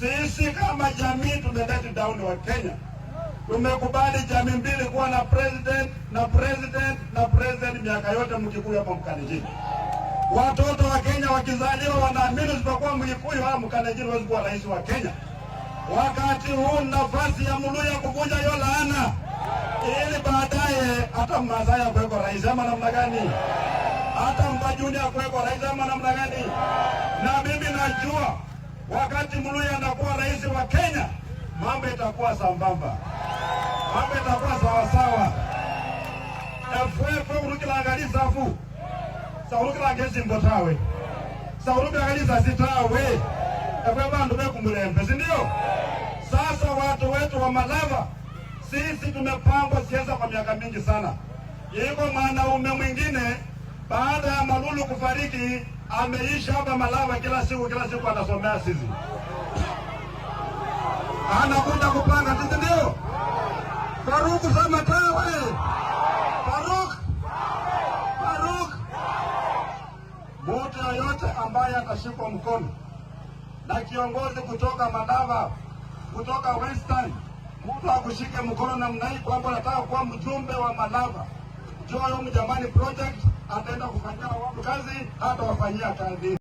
Sisi kama jamii tumeleta down wa Kenya, tumekubali jamii mbili kuwa na president na president na president miaka yote Mkikuyu hapa Mkalenjin. Watoto wa Kenya wakizaliwa wanaamini usipokuwa Mkikuyu hapa Mkalenjin huwezi kuwa rais wa Kenya. Wakati huu nafasi ya Muluya kuvunja hiyo laana ili baadaye hata Mmasai akuweko rais ama namna gani? Hata Mkajuni akuweko rais ama namna gani? Na mimi najua Wakati Muluya anakuwa rais wa Kenya, mambo itakuwa sambamba, mambo itakuwa sawasawa. efwefe urukilanga lisafu saurukilanga esimbo tawe saurukilanga lisasi tawe efwe vandu vekumbulembe, si ndio? Sasa watu wetu wa Malava, sisi tumepangwa siasa kwa miaka mingi sana. Iko mwanaume mwingine baada ya Malulu kufariki ameisha hapa Malava, kila siku kila siku anasomea sisi, anakuja kupanga sisi. Ndio Faruku sema tawe Faruk Faruk, mtu yoyote ambaye atashikwa mkono na kiongozi kutoka Malava, kutoka Western, mtu akushike mkono namna hii kwamba nataka kuwa mjumbe wa Malava Joel Jamani project ataenda kufanyia watu kazi, hata wafanyia kazi.